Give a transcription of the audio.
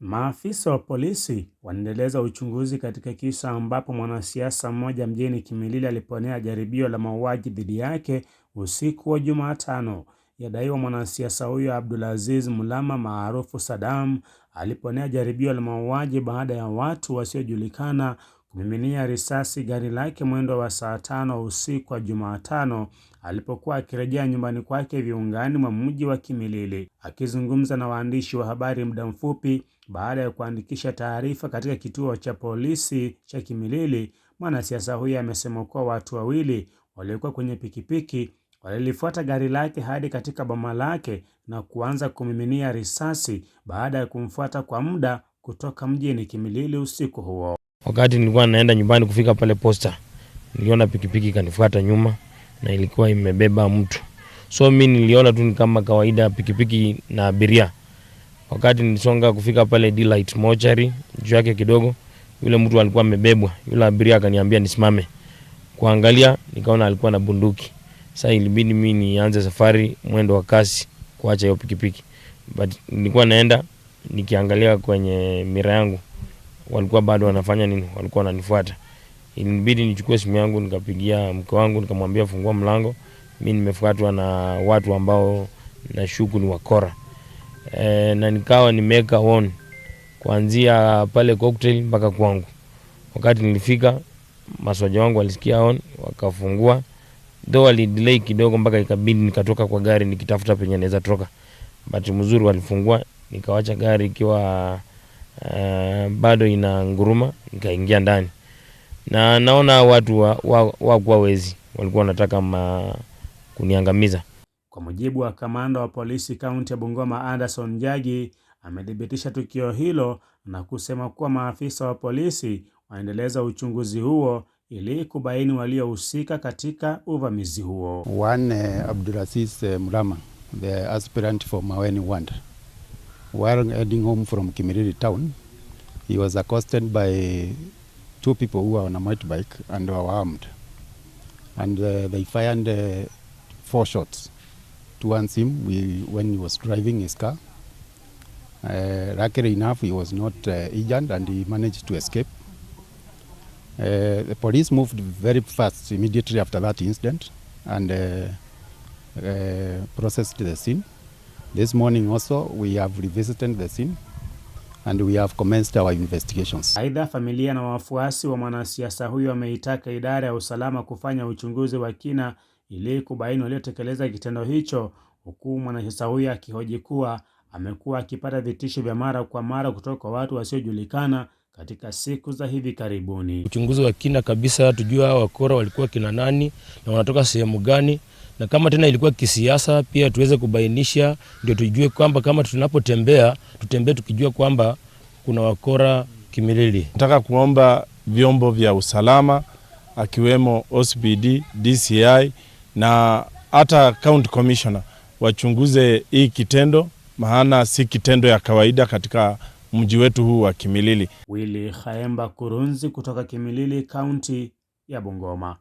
Maafisa wa polisi wanaendeleza uchunguzi katika kisa ambapo mwanasiasa mmoja mjini Kimilili aliponea jaribio la mauaji dhidi yake usiku wa Jumatano. Yadaiwa mwanasiasa huyo Abdulaziz Mulama maarufu Saddam aliponea jaribio la mauaji baada ya watu wasiojulikana kumiminia risasi gari lake mwendo wa saa tano usiku wa Jumatano alipokuwa akirejea nyumbani kwake viungani mwa mji wa Kimilili. Akizungumza na waandishi wa habari muda mfupi baada ya kuandikisha taarifa katika kituo cha polisi cha Kimilili, mwanasiasa huyo amesema kuwa watu wawili waliokuwa kwenye pikipiki walilifuata gari lake hadi katika boma lake na kuanza kumiminia risasi baada ya kumfuata kwa muda kutoka mjini Kimilili usiku huo. Wakati nilikuwa naenda nyumbani kufika pale posta, niliona pikipiki ikanifuata nyuma na ilikuwa imebeba mtu, so mi niliona tu ni kama kawaida pikipiki na abiria. Wakati nilisonga kufika pale delight mochari, juu yake kidogo, yule mtu alikuwa amebebwa, yule abiria akaniambia nisimame. Kuangalia nikaona alikuwa na bunduki. Sasa ilibidi mi nianze safari mwendo wa kasi kuacha hiyo pikipiki, but nilikuwa naenda nikiangalia kwenye mira yangu walikuwa bado wanafanya nini, walikuwa wananifuata. Ilinibidi nichukue simu yangu nikapigia mke wangu nikamwambia, fungua mlango, mi nimefuatwa na watu ambao nashuku ni wakora e, na nikawa nimeweka on kuanzia pale cocktail mpaka kwangu. Wakati nilifika, maswaja wangu walisikia on, wakafungua ndo walidelay kidogo, mpaka ikabidi nikatoka kwa gari nikitafuta penye naweza toka, but mzuri walifungua, nikawacha gari ikiwa Eh, bado ina nguruma, nikaingia ndani na naona watu wakuwa wa, wa, wezi walikuwa wanataka ma kuniangamiza. Kwa mujibu wa kamanda wa polisi kaunti ya Bungoma Anderson jagi amethibitisha tukio hilo na kusema kuwa maafisa wa polisi waendeleza uchunguzi huo ili kubaini waliohusika katika uvamizi huo. One, uh, Abdulaziz uh, eh, Mrama, the aspirant for Maweni While heading home from Kimiriri town, he was accosted by two people who were on a motorbike and were armed. And uh, they fired uh, four shots towards him we, when he was driving his car. Uh, luckily enough, he was not uh, injured and he managed to escape. Uh, the police moved very fast immediately after that incident and uh, uh, processed the scene. This morning also we have revisited the scene and we have commenced our investigations. Aidha, familia na wafuasi wa mwanasiasa huyo wameitaka idara ya usalama kufanya uchunguzi wa kina ili kubaini waliotekeleza kitendo hicho, huku mwanasiasa huyo akihoji kuwa amekuwa akipata vitisho vya mara kwa mara kutoka kwa watu wasiojulikana katika siku za hivi karibuni. Uchunguzi wa kina kabisa, tujua wakora walikuwa kina nani na wanatoka sehemu gani na kama tena ilikuwa kisiasa pia tuweze kubainisha, ndio tujue kwamba kama tunapotembea tutembee tukijua kwamba kuna wakora Kimilili. Nataka kuomba vyombo vya usalama akiwemo OCPD, DCI na hata county commissioner wachunguze hii kitendo, maana si kitendo ya kawaida katika mji wetu huu wa Kimilili. Willy Khaemba Kurunzi kutoka Kimilili, kaunti ya Bungoma.